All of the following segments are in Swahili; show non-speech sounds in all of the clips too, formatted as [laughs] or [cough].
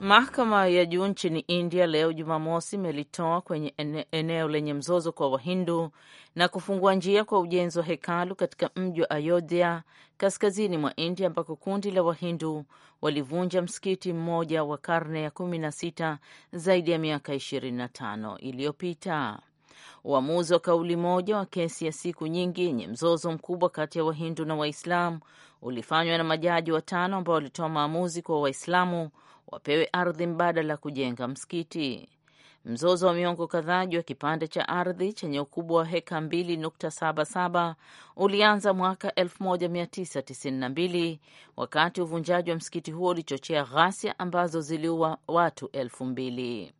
Mahakama ya juu nchini India leo Jumamosi imelitoa kwenye eneo lenye mzozo kwa Wahindu na kufungua njia kwa ujenzi wa hekalu katika mji wa Ayodhya kaskazini mwa India, ambako kundi la Wahindu walivunja msikiti mmoja wa karne ya kumi na sita zaidi ya miaka ishirini na tano iliyopita. Uamuzi wa kauli moja wa kesi ya siku nyingi yenye mzozo mkubwa kati ya Wahindu na Waislamu ulifanywa na majaji watano ambao walitoa maamuzi kwa Waislamu wapewe ardhi mbadala kujenga msikiti. Mzozo wa miongo kadhaa juu ya kipande cha ardhi chenye ukubwa wa heka 2.77 ulianza mwaka 1992 wakati uvunjaji wa msikiti huo ulichochea ghasia ambazo ziliua watu elfu mbili.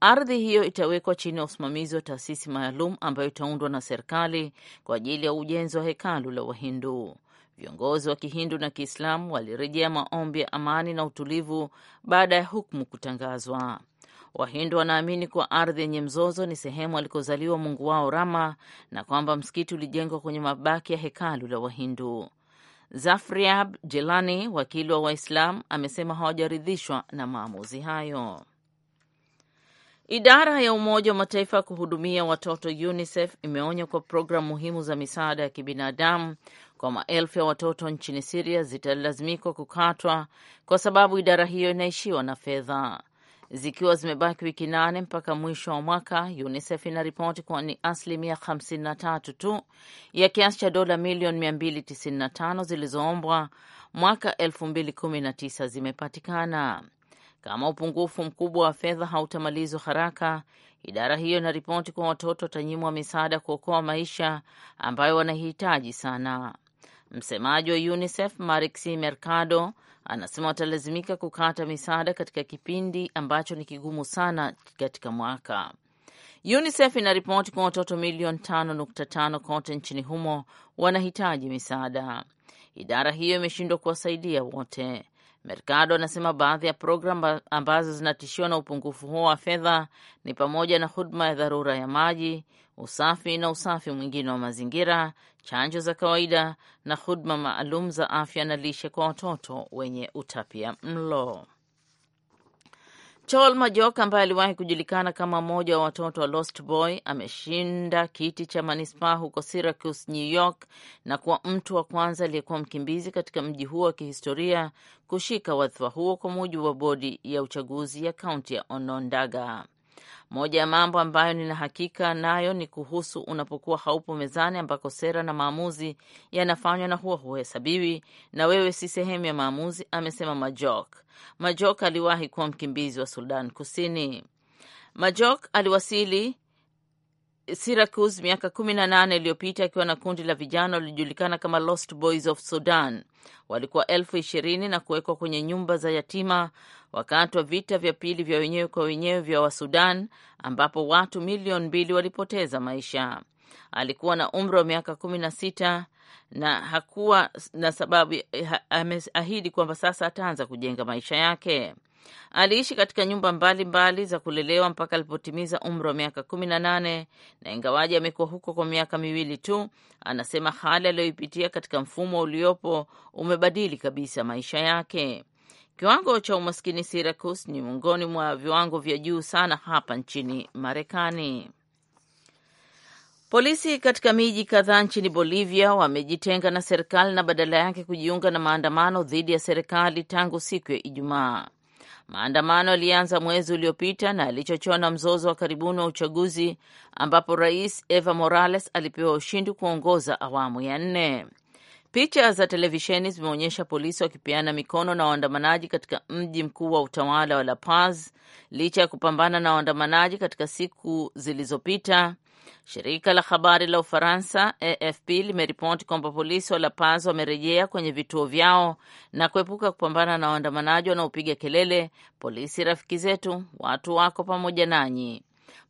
Ardhi hiyo itawekwa chini ya usimamizi wa taasisi maalum ambayo itaundwa na serikali kwa ajili ya ujenzi wa hekalu la Wahindu. Viongozi wa Kihindu na Kiislamu walirejea maombi ya amani na utulivu baada ya hukumu kutangazwa. Wahindu wanaamini kuwa ardhi yenye mzozo ni sehemu alikozaliwa mungu wao Rama na kwamba msikiti ulijengwa kwenye mabaki ya hekalu la Wahindu. Zafriab Jelani, wakili wa Waislam, amesema hawajaridhishwa na maamuzi hayo. Idara ya Umoja wa Mataifa ya kuhudumia watoto UNICEF imeonya kwa programu muhimu za misaada ya kibinadamu kwa maelfu ya watoto nchini Siria zitalazimikwa kukatwa kwa sababu idara hiyo inaishiwa na fedha. Zikiwa zimebaki wiki nane mpaka mwisho wa mwaka, UNICEF inaripoti kuwa ni asilimia 53 tu ya kiasi cha dola milioni 295 zilizoombwa mwaka 2019 zimepatikana. Kama upungufu mkubwa wa fedha hautamalizwa haraka, idara hiyo inaripoti kuwa watoto watanyimwa misaada kuokoa maisha ambayo wanahitaji sana. Msemaji wa UNICEF Marixi Mercado anasema watalazimika kukata misaada katika kipindi ambacho ni kigumu sana katika mwaka. UNICEF inaripoti kwa watoto milioni 5.5 kote nchini humo wanahitaji misaada. Idara hiyo imeshindwa kuwasaidia wote. Mercado anasema baadhi ya programu ambazo zinatishiwa na upungufu huo wa fedha ni pamoja na huduma ya dharura ya maji, usafi na usafi mwingine wa mazingira, chanjo za kawaida na huduma maalum za afya na lishe kwa watoto wenye utapia mlo. Chol Majok ambaye aliwahi kujulikana kama mmoja wa watoto wa Lost Boy ameshinda kiti cha manispaa huko Syracuse, New York na kuwa mtu wa kwanza aliyekuwa mkimbizi katika mji huo wa kihistoria kushika wadhifa huo, kwa mujibu wa bodi ya uchaguzi ya kaunti ya Onondaga. Moja ya mambo ambayo nina hakika nayo ni kuhusu unapokuwa haupo mezani ambako sera na maamuzi yanafanywa na huwa huhesabiwi na wewe si sehemu ya maamuzi, amesema Majok. Majok aliwahi kuwa mkimbizi wa Sudan Kusini. Majok aliwasili Syracuse miaka kumi na nane iliyopita akiwa na kundi la vijana waliojulikana kama Lost Boys of Sudan. Walikuwa elfu ishirini na kuwekwa kwenye nyumba za yatima wakati wa vita vya pili vya wenyewe kwa wenyewe vya Wasudan, ambapo watu milioni mbili walipoteza maisha. Alikuwa na umri wa miaka kumi na sita na hakuwa na sababu. Ha, ameahidi kwamba sasa ataanza kujenga maisha yake. Aliishi katika nyumba mbalimbali mbali za kulelewa mpaka alipotimiza umri wa miaka kumi na nane na ingawaji amekuwa huko kwa miaka miwili tu, anasema hali aliyoipitia katika mfumo uliopo umebadili kabisa maisha yake. Kiwango cha umaskini Syracuse ni miongoni mwa viwango vya juu sana hapa nchini Marekani. Polisi katika miji kadhaa nchini Bolivia wamejitenga na serikali na badala yake kujiunga na maandamano dhidi ya serikali tangu siku ya Ijumaa. Maandamano yalianza mwezi uliopita na yalichochewa na mzozo wa karibuni wa uchaguzi ambapo Rais eva Morales alipewa ushindi kuongoza awamu ya nne. Picha za televisheni zimeonyesha polisi wakipeana mikono na waandamanaji katika mji mkuu wa utawala wa La Paz licha ya kupambana na waandamanaji katika siku zilizopita. Shirika la habari la Ufaransa AFP limeripoti kwamba polisi wa La Paz wamerejea kwenye vituo vyao na kuepuka kupambana na waandamanaji wanaopiga kelele, polisi rafiki zetu, watu wako pamoja nanyi.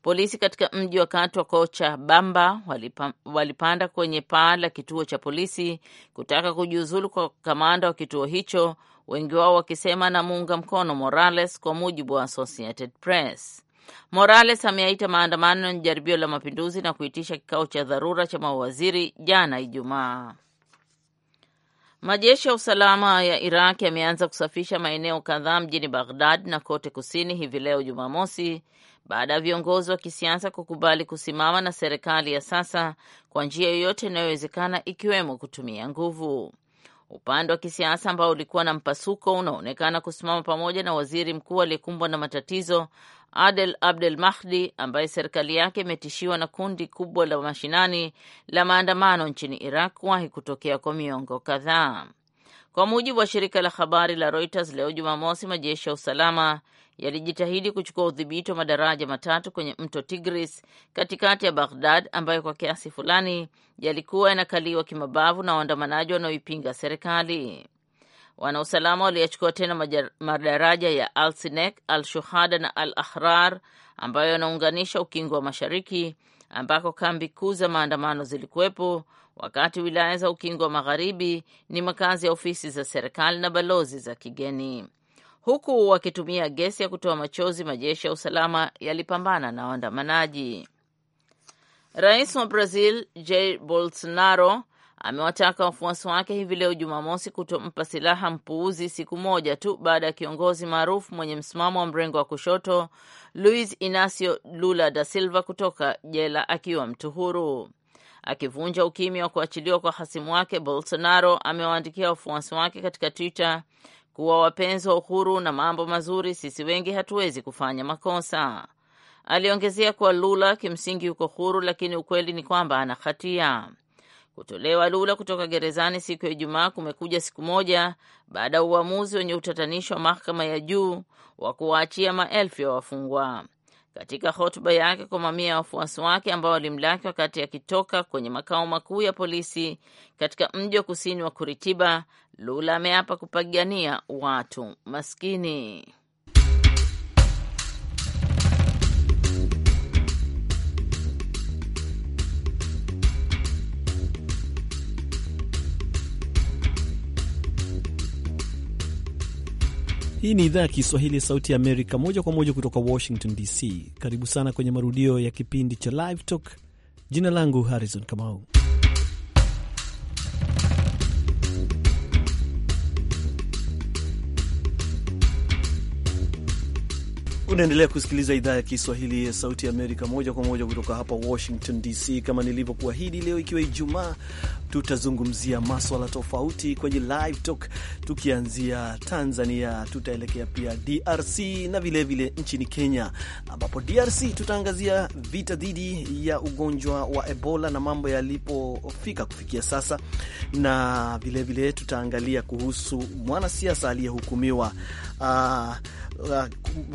Polisi katika mji wakati wa Kocha Bamba walipa, walipanda kwenye paa la kituo cha polisi kutaka kujiuzulu kwa kamanda wa kituo hicho, wengi wao wakisema anamuunga mkono Morales, kwa mujibu wa Associated Press. Morales ameaita maandamano ni jaribio la mapinduzi na kuitisha kikao cha dharura cha mawaziri jana Ijumaa. Majeshi ya usalama ya Iraq yameanza kusafisha maeneo kadhaa mjini Baghdad na kote kusini hivi leo Jumamosi baada ya viongozi wa kisiasa kukubali kusimama na serikali ya sasa kwa njia yoyote inayowezekana ikiwemo kutumia nguvu. Upande wa kisiasa ambao ulikuwa na mpasuko unaonekana kusimama pamoja na waziri mkuu aliyekumbwa na matatizo Adel Abdel Mahdi ambaye serikali yake imetishiwa na kundi kubwa la mashinani la maandamano nchini Iraq kuwahi kutokea kwa miongo kadhaa. Kwa mujibu wa shirika la habari la Reuters, leo Jumamosi, majeshi ya usalama yalijitahidi kuchukua udhibiti wa madaraja matatu kwenye mto Tigris katikati ya Baghdad, ambayo kwa kiasi fulani yalikuwa yanakaliwa kimabavu na waandamanaji wanaoipinga serikali. Wanausalama waliyachukua tena madaraja ya Al Sinek, Al Shuhada na Al Ahrar ambayo yanaunganisha ukingo wa Mashariki ambako kambi kuu za maandamano zilikuwepo, wakati wilaya za ukingo wa Magharibi ni makazi ya ofisi za serikali na balozi za kigeni. Huku wakitumia gesi ya kutoa machozi, majeshi ya usalama yalipambana na waandamanaji. Rais wa Brazil Jair Bolsonaro amewataka wafuasi wake hivi leo Jumamosi kutompa silaha mpuuzi, siku moja tu baada ya kiongozi maarufu mwenye msimamo wa mrengo wa kushoto Luis Inacio Lula da Silva kutoka jela akiwa mtu huru. Akivunja ukimya wa kuachiliwa kwa hasimu wake, Bolsonaro amewaandikia wafuasi wake katika Twitter kuwa wapenzi wa uhuru na mambo mazuri, sisi wengi hatuwezi kufanya makosa. Aliongezea kuwa Lula kimsingi yuko huru, lakini ukweli ni kwamba ana hatia. Kutolewa Lula kutoka gerezani siku ya Ijumaa kumekuja siku moja baada ya uamuzi wenye utatanishi wa mahakama ya juu wa kuwaachia maelfu ya wafungwa. Katika hotuba yake kwa mamia ya wafuasi wake ambao walimlaki wakati akitoka kwenye makao makuu ya polisi katika mji wa kusini wa Kuritiba, Lula ameapa kupigania watu maskini. Hii ni idhaa ya Kiswahili ya Sauti ya Amerika, moja kwa moja kutoka Washington DC. Karibu sana kwenye marudio ya kipindi cha Live Talk. Jina langu Harrison Kamau. Unaendelea kusikiliza idhaa ya Kiswahili ya Sauti ya Amerika moja kwa moja kutoka hapa Washington DC. Kama nilivyokuahidi, leo ikiwa Ijumaa, tutazungumzia maswala tofauti kwenye Live Talk, tukianzia Tanzania, tutaelekea pia DRC na vilevile vile nchini Kenya, ambapo DRC tutaangazia vita dhidi ya ugonjwa wa Ebola na mambo yalipofika kufikia sasa, na vilevile vile tutaangalia kuhusu mwanasiasa aliyehukumiwa uh, Uh,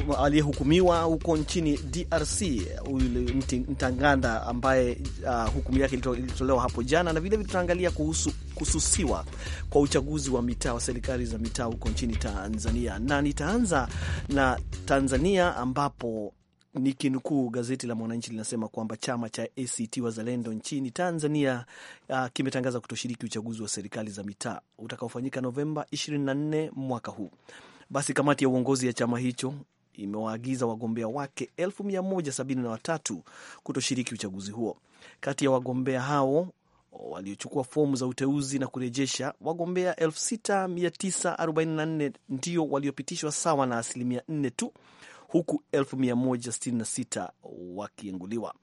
uh, aliyehukumiwa huko nchini DRC Mtanganda ambaye uh, hukumu yake ilitolewa hapo jana, na vilevile tutaangalia kuhusu kususiwa kwa uchaguzi wa mitaa wa serikali za mitaa huko nchini Tanzania, na nitaanza na Tanzania ambapo nikinukuu gazeti la Mwananchi linasema kwamba chama cha ACT Wazalendo nchini Tanzania uh, kimetangaza kutoshiriki uchaguzi wa serikali za mitaa utakaofanyika Novemba 24 mwaka huu. Basi kamati ya uongozi ya chama hicho imewaagiza wagombea wake 173 kutoshiriki uchaguzi huo. Kati ya wagombea hao waliochukua fomu za uteuzi na kurejesha, wagombea 6944 ndio waliopitishwa sawa na asilimia 4 tu, huku 166 wakienguliwa.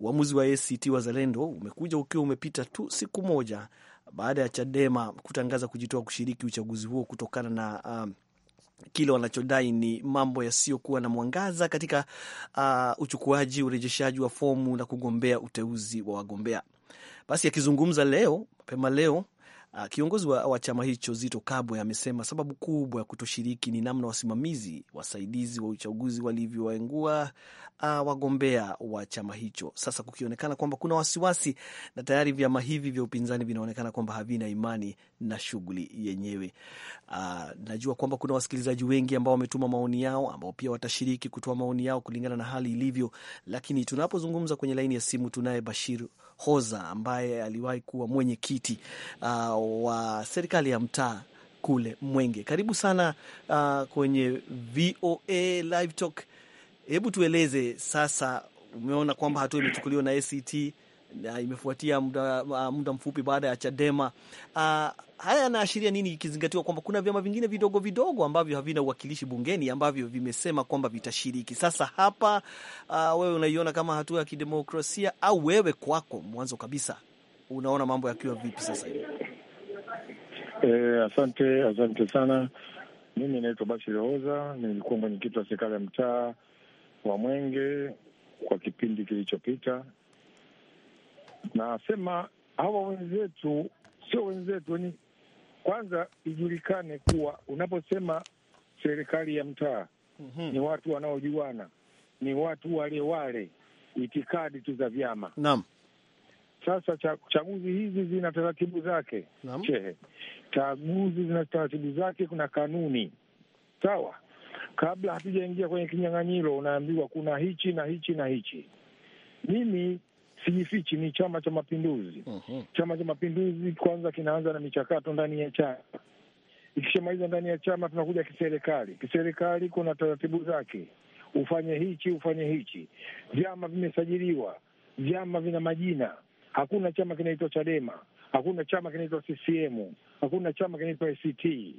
Uamuzi wa ACT Wazalendo umekuja ukiwa umepita tu siku moja baada ya Chadema kutangaza kujitoa kushiriki uchaguzi huo kutokana na um, kile wanachodai ni mambo yasiyokuwa na mwangaza katika uh, uchukuaji, urejeshaji wa fomu na kugombea uteuzi wa wagombea. Basi akizungumza leo mapema leo uh, kiongozi wa, wa chama hicho Zito Kabwe amesema sababu kubwa ya kutoshiriki ni namna wasimamizi wasaidizi wa uchaguzi walivyowaengua uh, wagombea wa chama hicho, sasa kukionekana kwamba kuna wasiwasi na tayari vyama hivi vya upinzani vinaonekana kwamba havina imani na shughuli yenyewe. Uh, najua kwamba kuna wasikilizaji wengi ambao wametuma maoni yao ambao pia watashiriki kutoa maoni yao kulingana na hali ilivyo, lakini tunapozungumza kwenye laini ya simu tunaye Bashir Hoza ambaye aliwahi kuwa mwenyekiti uh, wa serikali ya mtaa kule Mwenge. Karibu sana uh, kwenye VOA Live Talk. Hebu tueleze sasa, umeona kwamba hatua imechukuliwa na ACT na imefuatia muda, ah, muda mfupi baada ya Chadema. Uh, haya yanaashiria nini, ikizingatiwa kwamba kuna vyama vingine vidogo vidogo ambavyo havina uwakilishi bungeni ambavyo vimesema kwamba vitashiriki? Sasa hapa, uh, wewe unaiona kama hatua ya kidemokrasia au wewe kwako mwanzo kabisa unaona mambo yakiwa vipi sasa hivi? Eh, asante asante sana. Mimi naitwa Bashir Hoza, nilikuwa mwenyekiti wa serikali ya mtaa wa Mwenge kwa kipindi kilichopita Nasema hawa wenzetu sio wenzetu, ni kwanza ijulikane kuwa unaposema serikali ya mtaa mm -hmm. ni watu wanaojuana, ni watu wale wale, itikadi tu za vyama. Naam. Sasa chaguzi hizi zina taratibu zake. Naam. Chehe, chaguzi zina taratibu zake, kuna kanuni sawa. Kabla hatujaingia kwenye kinyang'anyiro, unaambiwa kuna hichi na hichi na hichi. Mimi sijifichi, ni Chama cha Mapinduzi. uh mhm. -huh. Chama cha Mapinduzi kwanza kinaanza na michakato ndani ya chama. Ikishamaliza ndani ya chama, tunakuja kiserikali. Kiserikali kuna taratibu zake, ufanye hichi, ufanye hichi. Vyama vimesajiliwa, vyama vina majina. Hakuna chama kinaitwa Chadema, hakuna chama kinaitwa CCM hakuna chama kinaitwa ACT.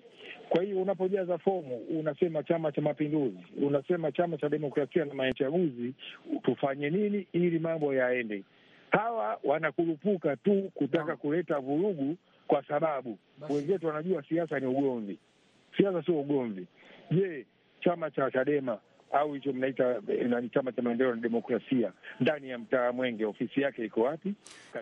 Kwa hiyo unapojaza fomu unasema Chama cha Mapinduzi, unasema Chama cha Demokrasia na Machaguzi, tufanye nini ili mambo yaende. Hawa wanakurupuka tu kutaka kuleta vurugu, kwa sababu wenzetu wanajua siasa ni ugomvi. Siasa sio ugomvi. Je, chama cha Chadema au hicho mnaita nani, chama cha maendeleo na demokrasia ndani ya mtaa Mwenge, ofisi yake iko wapi?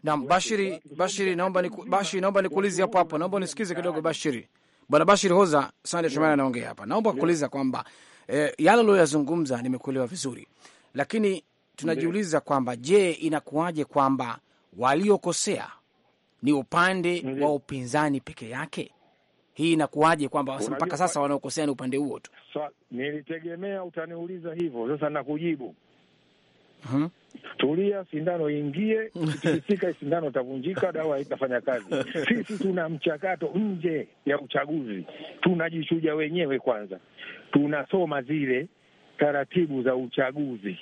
Naam, Bashiri, Bashiri, naomba ni Bashiri, naomba nikuulize hapo hapo, naomba nisikize kidogo Bashiri, bwana Bashiri Hoza Sande Shumana anaongea hapa, naomba kuuliza kwamba e, yale ulioyazungumza nimekuelewa vizuri, lakini tunajiuliza kwamba je, inakuwaje kwamba waliokosea ni upande wa upinzani peke yake? hii inakuwaje kwamba mpaka sasa wanaokosea ni upande huo tu? So, nilitegemea utaniuliza hivyo, sasa nakujibu. Hmm. Tulia, sindano ingie, ikifika [laughs] sindano itavunjika, dawa itafanya kazi. Sisi tuna mchakato nje ya uchaguzi, tunajishuja wenyewe kwanza, tunasoma zile taratibu za uchaguzi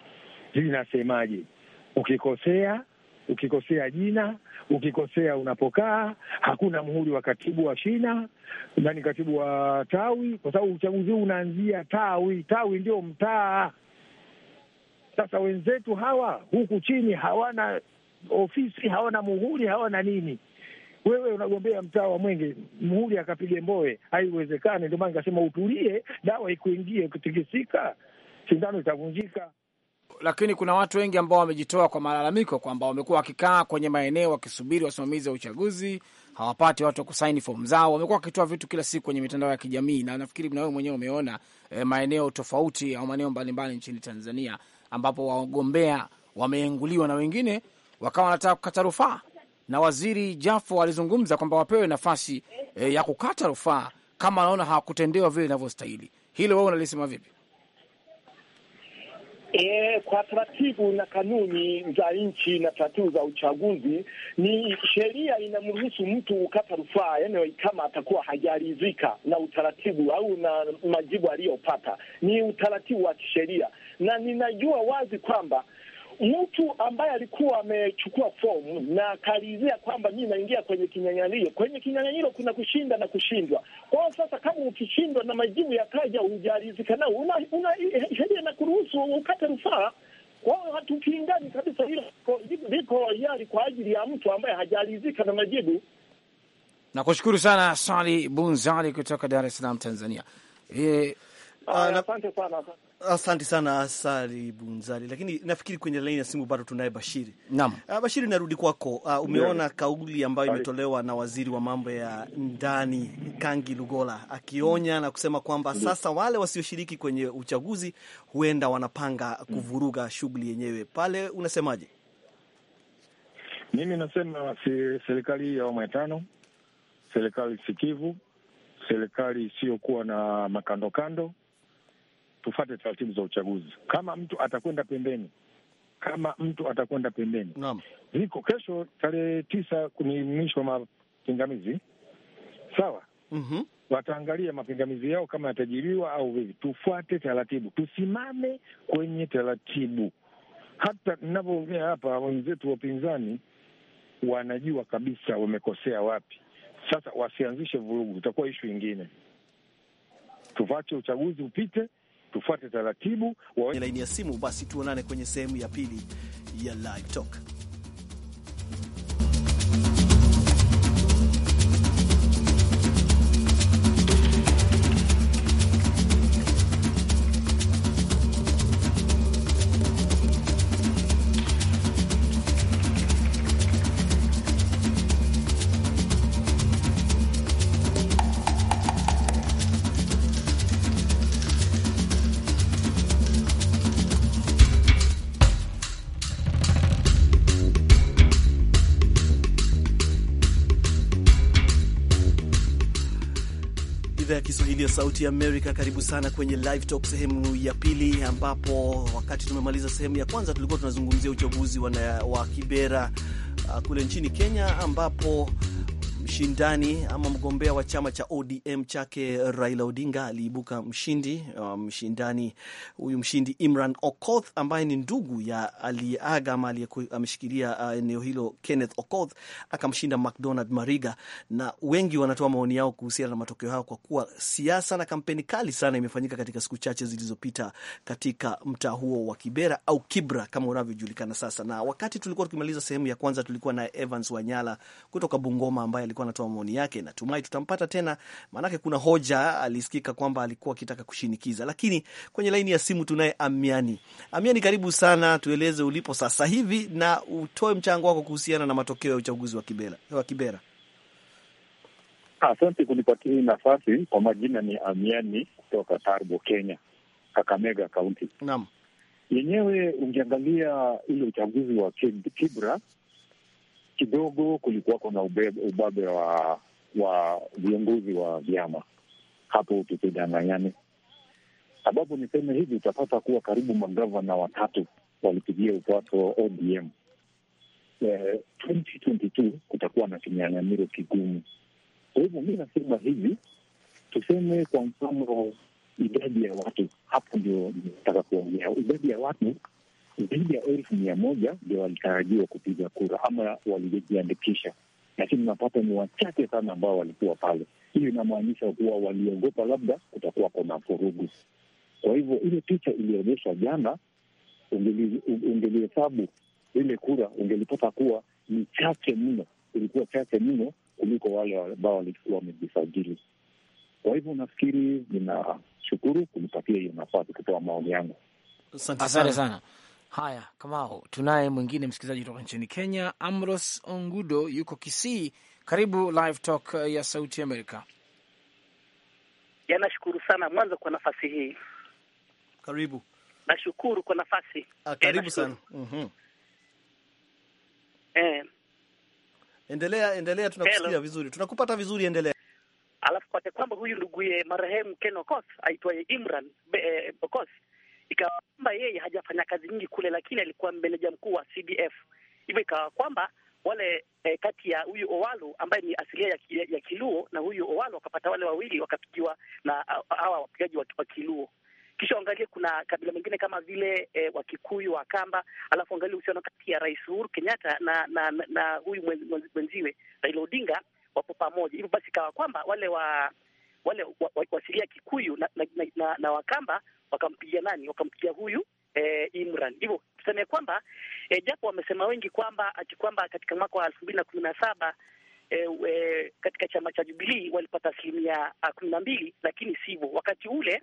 zinasemaje, ukikosea ukikosea jina, ukikosea unapokaa, hakuna muhuri wa katibu wa shina nani katibu wa tawi, kwa sababu uchaguzi huu unaanzia tawi. Tawi ndio mtaa. Sasa wenzetu hawa huku chini hawana ofisi, hawana muhuri, hawana nini. Wewe unagombea mtaa wa Mwenge, muhuri akapige mboe, haiwezekani. Ndio maana nikasema utulie, dawa ikuingie, ukitikisika sindano itavunjika. Lakini kuna watu wengi ambao wamejitoa kwa malalamiko kwamba wamekuwa wakikaa kwenye maeneo wakisubiri wasimamizi wa uchaguzi, hawapati watu wa kusaini fomu zao. Wamekuwa wakitoa vitu kila siku kwenye mitandao ya kijamii, na nafikiri na wewe mwenyewe umeona eh, maeneo tofauti au maeneo mbalimbali nchini Tanzania ambapo wagombea wameenguliwa na wengine wakawa wanataka kukata rufaa, na waziri Jafo alizungumza kwamba wapewe nafasi eh, ya kukata rufaa kama wanaona hawakutendewa vile inavyostahili. Hilo wewe unalisema vipi? E, kwa taratibu na kanuni za nchi na taratibu za uchaguzi, ni sheria inamruhusu mtu ukata rufaa, yani kama atakuwa hajaridhika na utaratibu au na majibu aliyopata, ni utaratibu wa kisheria, na ninajua wazi kwamba mtu ambaye alikuwa amechukua fomu na akaalizia kwamba mi naingia kwenye kinyang'anyiro. Kwenye kinyang'anyiro kuna kushinda na kushindwa. Kwa hiyo sasa, kama ukishindwa na majibu yakaja hujalizika nao, una, una sheria na kuruhusu ukate rufaa. Kwa hiyo hatupingani kabisa, hilo liko hiari kwa ajili ya mtu ambaye hajalizika na majibu. Nakushukuru sana Sali Bunzali kutoka Dar es Salaam, Tanzania. E, asante sana. Asante sana Asali Bunzali, lakini nafikiri kwenye laini ya simu bado tunaye Bashiri. Naam, ah, Bashiri, narudi kwako. Uh, umeona yeah, kauli ambayo imetolewa na waziri wa mambo ya ndani Kangi Lugola akionya na kusema kwamba sasa wale wasioshiriki kwenye uchaguzi huenda wanapanga kuvuruga shughuli yenyewe. Pale unasemaje? Mimi nasema si serikali hii ya awamu ya tano, serikali sikivu, serikali isiyokuwa na makandokando tufate taratibu za uchaguzi. Kama mtu atakwenda pembeni, kama mtu atakwenda pembeni, viko kesho tarehe tisa ni mwisho wa mapingamizi, sawa? mm -hmm. Wataangalia mapingamizi yao kama yatajiriwa au vivi. Tufuate taratibu, tusimame kwenye taratibu. Hata ninavyoongea hapa, wenzetu wa upinzani wanajua kabisa wamekosea wapi. Sasa wasianzishe vurugu, itakuwa ishu ingine. tufache uchaguzi upite, tufuate taratibu wa... laini ya simu. Basi tuonane kwenye sehemu ya pili ya Live Talk. idhaa ya Kiswahili ya Sauti ya Amerika. Karibu sana kwenye Live Talk sehemu ya pili, ambapo wakati tumemaliza sehemu ya kwanza tulikuwa tunazungumzia uchaguzi wa Kibera uh, kule nchini Kenya ambapo mshindani ama mgombea wa chama cha ODM chake Raila Odinga aliibuka mshindi. Um, mshindani huyu mshindi Imran Okoth ambaye ni ndugu ya aliyeaga ama ameshikilia uh, eneo hilo Kenneth Okoth akamshinda McDonald Mariga, na wengi wanatoa maoni yao kuhusiana na matokeo hayo, kwa kuwa siasa na kampeni kali sana imefanyika katika siku chache zilizopita katika mtaa huo wa Kibera au Kibra kama unavyojulikana sasa. Na wakati tulikuwa tukimaliza sehemu ya kwanza, tulikuwa na Evans Wanyala kutoka Bungoma ambaye alikuwa anatoa maoni yake. Natumai tutampata tena, maanake kuna hoja alisikika kwamba alikuwa akitaka kushinikiza. Lakini kwenye laini ya simu tunaye Amiani. Amiani, karibu sana, tueleze ulipo sasa hivi na utoe mchango wako kuhusiana na matokeo ya uchaguzi wa Kibera, wa Kibera. Asante kunipatia hii nafasi. Kwa majina ni Amiani kutoka Tarbo, Kenya, Kakamega Kaunti. Naam, yenyewe ungeangalia ule uchaguzi wa Kibra kidogo kulikuwa kuna ubabe wa wa viongozi wa vyama hapo, tusidanganyane. Sababu niseme hivi, utapata kuwa karibu magavana watatu walipigia upato wa ODM. E, 2022 kutakuwa na kinyang'anyiro kigumu. Kwa hivyo mi nasema hivi, tuseme kwa mfano idadi ya watu hapo, ndio nataka kuongea idadi ya watu zaidi ya elfu mia moja ndio walitarajiwa kupiga kura ama walijiandikisha, lakini unapata ni wachache sana ambao walikuwa pale. Hiyo inamaanisha kuwa waliogopa labda kutakuwa kuna furugu Kwa hivyo ile picha ilionyeshwa jana, ungelihesabu ile kura, ungelipata kuwa ni chache mno, ilikuwa chache mno kuliko wale ambao walikuwa wamejisajili. Kwa hivyo nafikiri, ninashukuru kunipatia hiyo nafasi kutoa maoni yangu. Asante sana. Haya, Kamao, tunaye mwingine msikilizaji kutoka nchini Kenya, Amros Ongudo yuko Kisii. Karibu Live Talk uh, ya Sauti Amerika. Nashukuru sana mwanzo kwa nafasi hii. Karibu. Nashukuru kwa nafasi. Ah, eh, karibu sana. mm-hmm. Eh. Endelea, endelea, tunakusikia vizuri, tunakupata vizuri, endelea. Alafu kwate kwamba huyu nduguye marehemu Ken Okos aitwaye Imran eh, Okos e, ikawa kwamba yeye hajafanya kazi nyingi kule, lakini alikuwa meneja mkuu wa CDF. Hivyo ikawa kwamba wale eh, kati ya huyu Owalo ambaye ni asilia ya, ya, ya Kiluo na huyu Owalo wakapata wale wawili wakapigiwa na hawa wapigaji wa, wa Kiluo. Kisha uangalie kuna kabila mengine kama vile e, eh, Wakikuyu, Wakamba, alafu angalie uhusiano kati ya Rais Uhuru Kenyatta na na, na, na huyu mwenziwe Raila Odinga, wapo pamoja. Hivyo basi ikawa kwamba wale wa wale wa, wa, wasilia Kikuyu na, na, na, na, na Wakamba wakampigia nani? Wakampigia huyu eh, Imran. Hivyo tuseme kwamba eh, japo wamesema wengi kwamba ati kwamba katika mwaka wa elfu mbili na kumi na saba eh, eh, katika chama cha Jubilii walipata asilimia ah, kumi na mbili, lakini sivyo wakati ule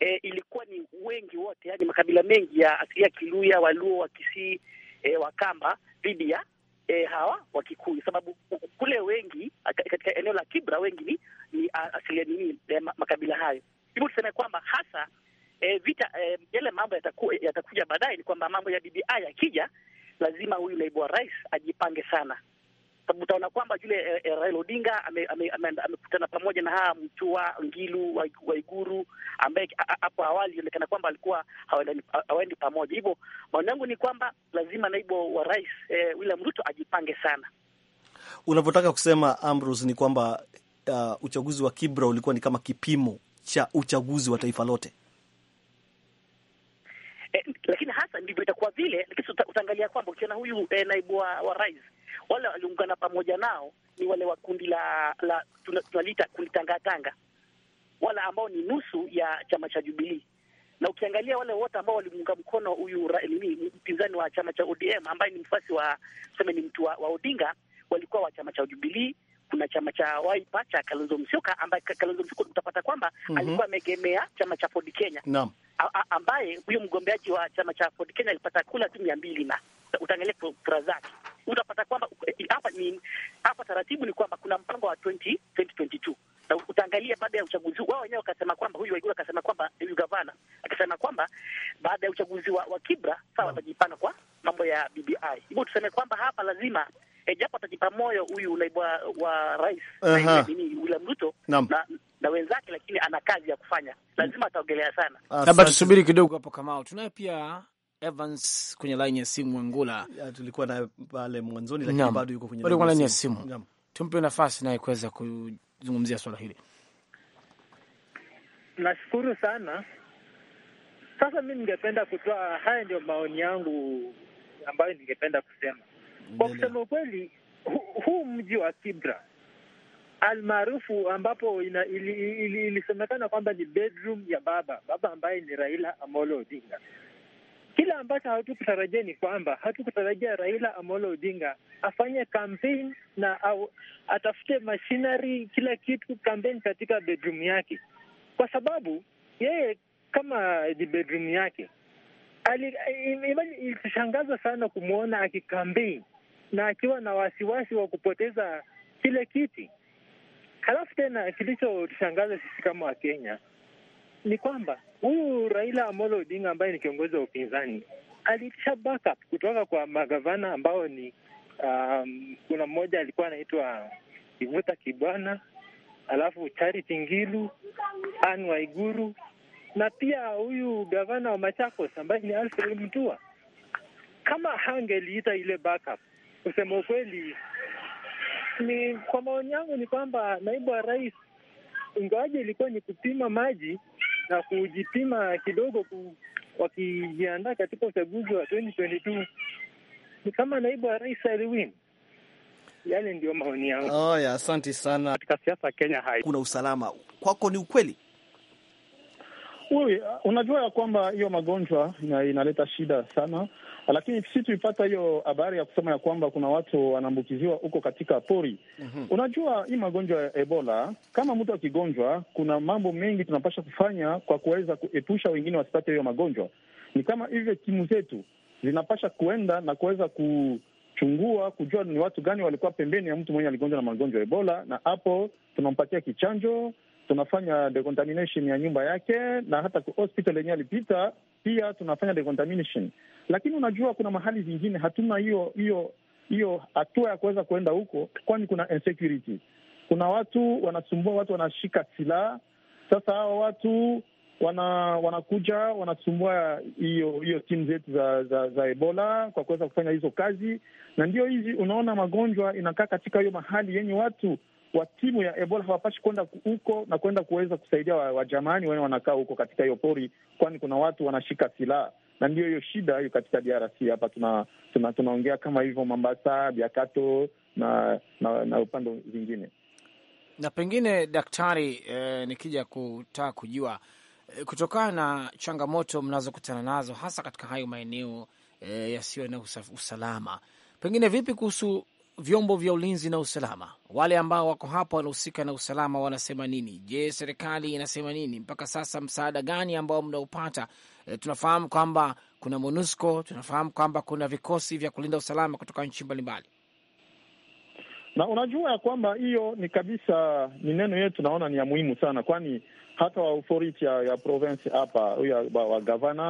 E, ilikuwa ni wengi wote, yani makabila mengi ya asilia Kiluya, Waluo, Wakisii, e, Wakamba dhidi ya e, hawa Wakikuyu, sababu kule wengi katika eneo la Kibra wengi ni, ni ah, asilia nini makabila hayo. Hivyo tuseme kwamba hasa e, vita e, yale mambo yataku, yatakuja baadaye, ni kwamba mambo ya BBI yakija, lazima huyu naibu wa rais ajipange sana, sababu utaona kwamba yule e, e, Raila Odinga amekutana ame, ame pamoja na haa Mtua Ngilu Waiguru ambaye hapo awali ilionekana kwamba alikuwa hawaendi pamoja. Hivyo maoni yangu ni kwamba lazima naibu wa rais e, William Ruto ajipange sana. Unavyotaka kusema Ambrose ni kwamba uh, uchaguzi wa Kibra ulikuwa ni kama kipimo cha uchaguzi wa taifa lote. ndivyo itakuwa vile, lakini utaangalia kwamba ukiona huyu eh, naibu wa, wa rais wale waliungana pamoja nao ni wale wa kundi la, la tunalita kundi tangatanga, wala ambao ni nusu ya chama cha Jubilii na ukiangalia wale wote ambao walimuunga mkono huyu mpinzani wa chama cha ODM ambaye ni mfuasi wa seme ni mtu wa, wa Odinga, walikuwa wa chama cha Jubilii. Kuna chama cha Waipa cha Kalonzo Musyoka ambaye Kalonzo Musyoka utapata kwamba mm -hmm. alikuwa amegemea chama cha Ford Kenya. Naam ambaye huyo mgombeaji wa chama cha Ford Kenya alipata kula tu mia mbili na utaangalia kura zake utapata kwamba eh, hapa ni hapa, taratibu ni kwamba kuna mpango wa 20, 2022 na utaangalia baada ya uchaguzi wao wenyewe wakasema kwamba huyu Waiguru akasema kwamba eh, huyu gavana akasema kwamba baada ya uchaguzi wa, wa Kibra sawa mm. watajipana kwa mambo ya BBI. Hivyo tuseme kwamba hapa lazima E, japo atajipa moyo huyu naibu wa rais uh -huh. Nini ule Mruto na, na wenzake, lakini ana kazi ya kufanya, lazima ataogelea sana. Labda tusubiri kidogo hapo, Kamao. Tunaye pia Evans kwenye laini ya simu, Angula tulikuwa naye pale mwanzoni, lakini bado yuko kwenye laini ya simu. Tumpe nafasi naye kuweza kuzungumzia swala hili. Nashukuru sana. Sasa mi ningependa kutoa, haya ndio maoni yangu ambayo ningependa kusema. Kwa kusema ukweli, huu mji wa Kibra almaarufu ambapo ilisemekana ili, kwamba ni bedroom ya baba baba ambaye ni Raila Amolo Odinga. Kile ambacho hatukutarajia ni kwamba hatukutarajia Raila Amolo Odinga afanye kampen na au, atafute machinery kila kitu kampeni katika bedroom yake, kwa sababu yeye kama ni bedroom yake ilishangaza sana kumwona akikampeni na akiwa na wasiwasi wa kupoteza kile kiti Halafu tena kilichotushangaza sisi kama Wakenya ni kwamba huyu Raila Amolo Odinga ambaye ni kiongozi wa upinzani aliitisha backup kutoka kwa magavana ambao ni um, kuna mmoja alikuwa anaitwa Kivuta Kibwana, alafu Charity Ngilu, Anne Waiguru na pia huyu gavana wa Machakos ambaye ni Alfred Mutua. Kama hangeliita ile backup, kusema ukweli ni kwa maoni yangu ni kwamba naibu wa rais, ingawaje ilikuwa ni kupima maji na kujipima kidogo ku, wakijiandaa katika uchaguzi wa 2022 ni kama naibu wa rais aliwin. Yale ndio maoni yangu. Oh, ya, asante sana. Katika siasa Kenya hai kuna usalama kwako, ni ukweli Uwe, unajua ya kwamba hiyo magonjwa inaleta shida sana lakini sisi tuipata hiyo habari ya kusema ya kwamba kuna watu wanaambukiziwa huko katika pori. mm -hmm. Unajua, hii magonjwa ya Ebola, kama mtu akigonjwa, kuna mambo mengi tunapasha kufanya kwa kuweza kuepusha wengine wasipate hiyo magonjwa. Ni kama hivyo timu zetu zinapasha kuenda na kuweza ku chungua kujua ni watu gani walikuwa pembeni ya mtu mwenye aligonjwa na magonjwa ya Ebola, na hapo tunampatia kichanjo, tunafanya decontamination ya nyumba yake na hata hospital yenyewe alipita pia tunafanya decontamination, lakini unajua kuna mahali zingine hatuna hiyo hiyo hiyo hatua ya kuweza kuenda huko, kwani kuna insecurity. Kuna watu wanasumbua, watu wanashika silaha. Sasa hawa watu wana wanakuja wanasumbua hiyo hiyo timu zetu za, za za Ebola kwa kuweza kufanya hizo kazi, na ndio hizi unaona magonjwa inakaa katika hiyo mahali yenye watu wa timu ya Ebola hawapashi kwenda huko na kwenda kuweza kusaidia wajamani wa wene wanakaa huko katika hiyo pori, kwani kuna watu wanashika silaha na ndio hiyo shida hiyo katika DRC hapa tuna tunaongea tuna kama hivyo Mombasa, Biakato na na, na upande zingine. Na pengine daktari, eh, nikija kutaka kujua eh, kutokana na changamoto mnazokutana nazo hasa katika hayo maeneo eh, yasiyo na usalama, pengine vipi kuhusu vyombo vya ulinzi na usalama, wale ambao wako hapa wanahusika na usalama wanasema nini? Je, serikali inasema nini? Mpaka sasa msaada gani ambao mnaupata? E, tunafahamu kwamba kuna MONUSCO, tunafahamu kwamba kuna vikosi vya kulinda usalama kutoka nchi mbalimbali, na unajua ya kwamba hiyo ni kabisa ni neno yetu, naona ni ya muhimu sana, kwani hata wa authority ya, ya province hapa wa gavana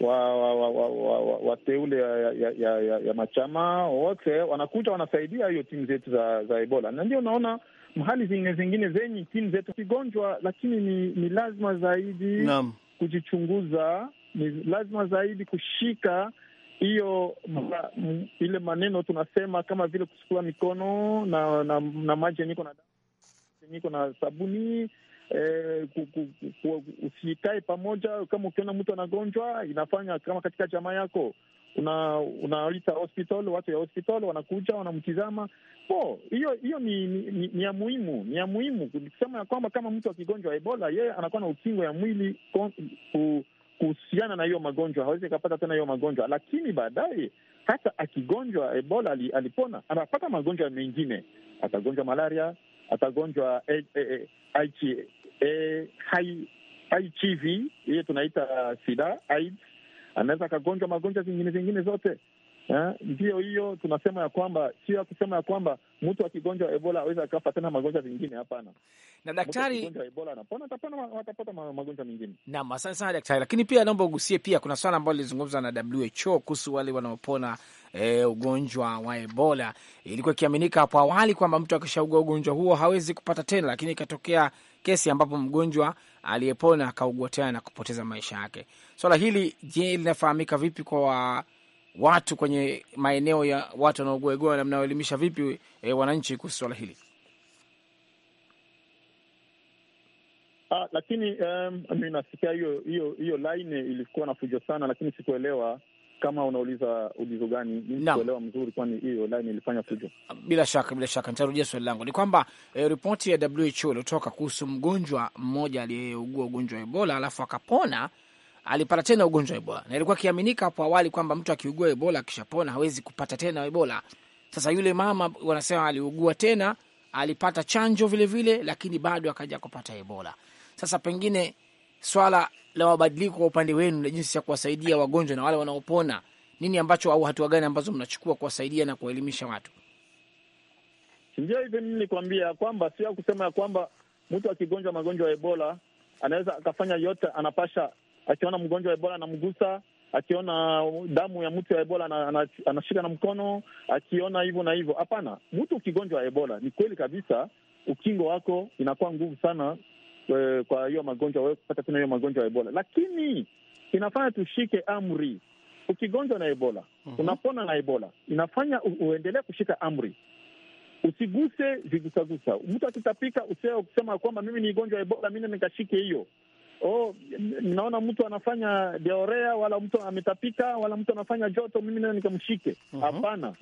wateule wa, wa, wa, wa ya, ya, ya, ya machama wote wanakuja wanasaidia hiyo timu zetu za, za Ebola, na ndio unaona mahali zingine zingine zenye timu zetu kigonjwa, lakini ni, ni lazima zaidi Naam. kujichunguza, ni lazima zaidi kushika hiyo ile maneno tunasema kama vile kusukua mikono na na, na maji yeniko na yeniko na sabuni eh, usikae pamoja. Kama ukiona mtu anagonjwa, inafanya kama katika jamaa yako unaita una hospital, watu ya hospital wanakuja wanamtizama. Po hiyo hiyo ni, ni, ni ya muhimu, ni ya muhimu kusema ya kwamba kama mtu akigonjwa Ebola, yeye anakuwa na ukingo ya mwili ku, kuhusiana na hiyo magonjwa, hawezi akapata tena hiyo magonjwa. Lakini baadaye hata akigonjwa Ebola alipona, anapata magonjwa mengine, atagonjwa malaria, atagonjwa HIV hiyo tunaita uh, sida, AIDS, anaweza akagonjwa magonjwa zingine zingine zote. Eh, ndio hiyo tunasema ya kwamba sio ya kusema ya kwamba mtu akigonjwa Ebola aweza akafa tena magonjwa mengine. Hapana. Na daktari gonjwa Ebola anapona, atapona, atapata magonjwa mengine. Naam, asante sana daktari, lakini pia naomba ugusie pia, kuna swala ambalo lilizungumzwa na WHO kuhusu wale wanaopona e, ugonjwa wa Ebola. Ilikuwa ikiaminika hapo awali kwamba mtu akishaugua ugonjwa huo hawezi kupata tena, lakini ikatokea kesi ambapo mgonjwa aliyepona akaugua tena na kupoteza maisha yake. Swala hili je, linafahamika vipi kwa watu kwenye maeneo ya watu wanaogoegoa, na mnaoelimisha vipi e, wananchi kuhusu swala hili? Ah, lakini um, nasikia hiyo hiyo hiyo line ilikuwa na fujo sana, lakini sikuelewa kama unauliza ulizo gani. sikuelewa mzuri, kwani hiyo line ilifanya fujo. Bila shaka, bila shaka nitarudia swali langu. Ni kwamba eh, ripoti ya WHO iliotoka kuhusu mgonjwa mmoja aliyeugua ugonjwa wa Ebola alafu akapona alipata tena ugonjwa wa Ebola, na ilikuwa kiaminika hapo awali kwamba mtu akiugua Ebola akishapona hawezi kupata tena Ebola. Sasa yule mama wanasema aliugua tena, alipata chanjo vilevile vile, lakini bado akaja kupata Ebola. Sasa pengine swala la mabadiliko kwa upande wenu na jinsi ya kuwasaidia wagonjwa na wale wanaopona, nini ambacho au hatua gani ambazo mnachukua kuwasaidia na kuwaelimisha watu? Ndio hivi, mimi nikwambia kwamba sio kusema ya kwamba mtu akigonjwa magonjwa ya Ebola anaweza akafanya yote, anapasha akiona mgonjwa wa Ebola anamgusa, akiona damu ya mtu ya Ebola anashika na mkono, akiona hivyo na hivyo. Hapana, mtu ukigonjwa wa Ebola ni kweli kabisa, ukingo wako inakuwa nguvu sana e, kwa hiyo magonjwa wewe kupata tena hiyo magonjwa ya Ebola, lakini inafanya tushike amri. Ukigonjwa na Ebola uh mhm. -huh. unapona na Ebola, inafanya uendelee kushika amri Usiguse vigusagusa. Mtu akitapika usea kusema kwamba mimi ni gonjwa ebola, mimi nikashike hiyo oh, naona mtu anafanya deorea wala mtu ametapika wala mtu anafanya joto, mimi naa nikamshike. Mhm. Hapana, uh-huh.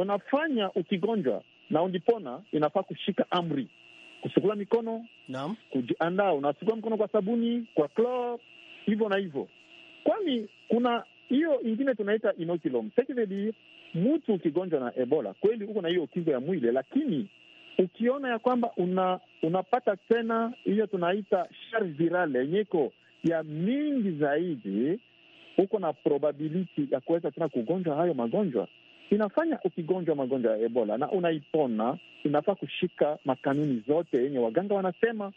Unafanya ukigonjwa na ujipona, inafaa kushika amri, kusukula mikono naam, kujiandaa, unasukula mikono kwa sabuni, kwa chloro, hivyo na hivyo, kwani kuna hiyo ingine tunaita inoculum. Mtu ukigonjwa na Ebola kweli, huko na hiyo kingo ya mwili, lakini ukiona ya kwamba una, unapata tena hiyo tunaita shar virale yenyeko ya mingi zaidi, huko na probability ya kuweza tena kugonjwa hayo magonjwa. Inafanya ukigonjwa magonjwa ya Ebola na unaipona, inafaa kushika makanuni zote yenye waganga wanasema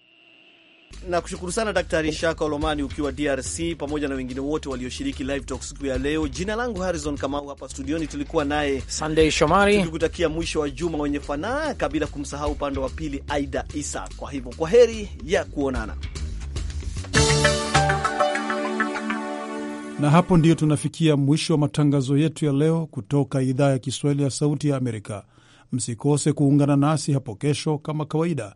na kushukuru sana Daktari Shaka Olomani ukiwa DRC pamoja na wengine wote walioshiriki live talk siku ya leo. Jina langu Harrison Kamau, hapa studioni tulikuwa naye Sunday Shomari, tukikutakia mwisho wa juma wenye fanaka, bila kumsahau upande wa pili Aida Isa. Kwa hivyo kwa heri ya kuonana, na hapo ndiyo tunafikia mwisho wa matangazo yetu ya leo kutoka idhaa ya Kiswahili ya Sauti ya Amerika. Msikose kuungana nasi hapo kesho kama kawaida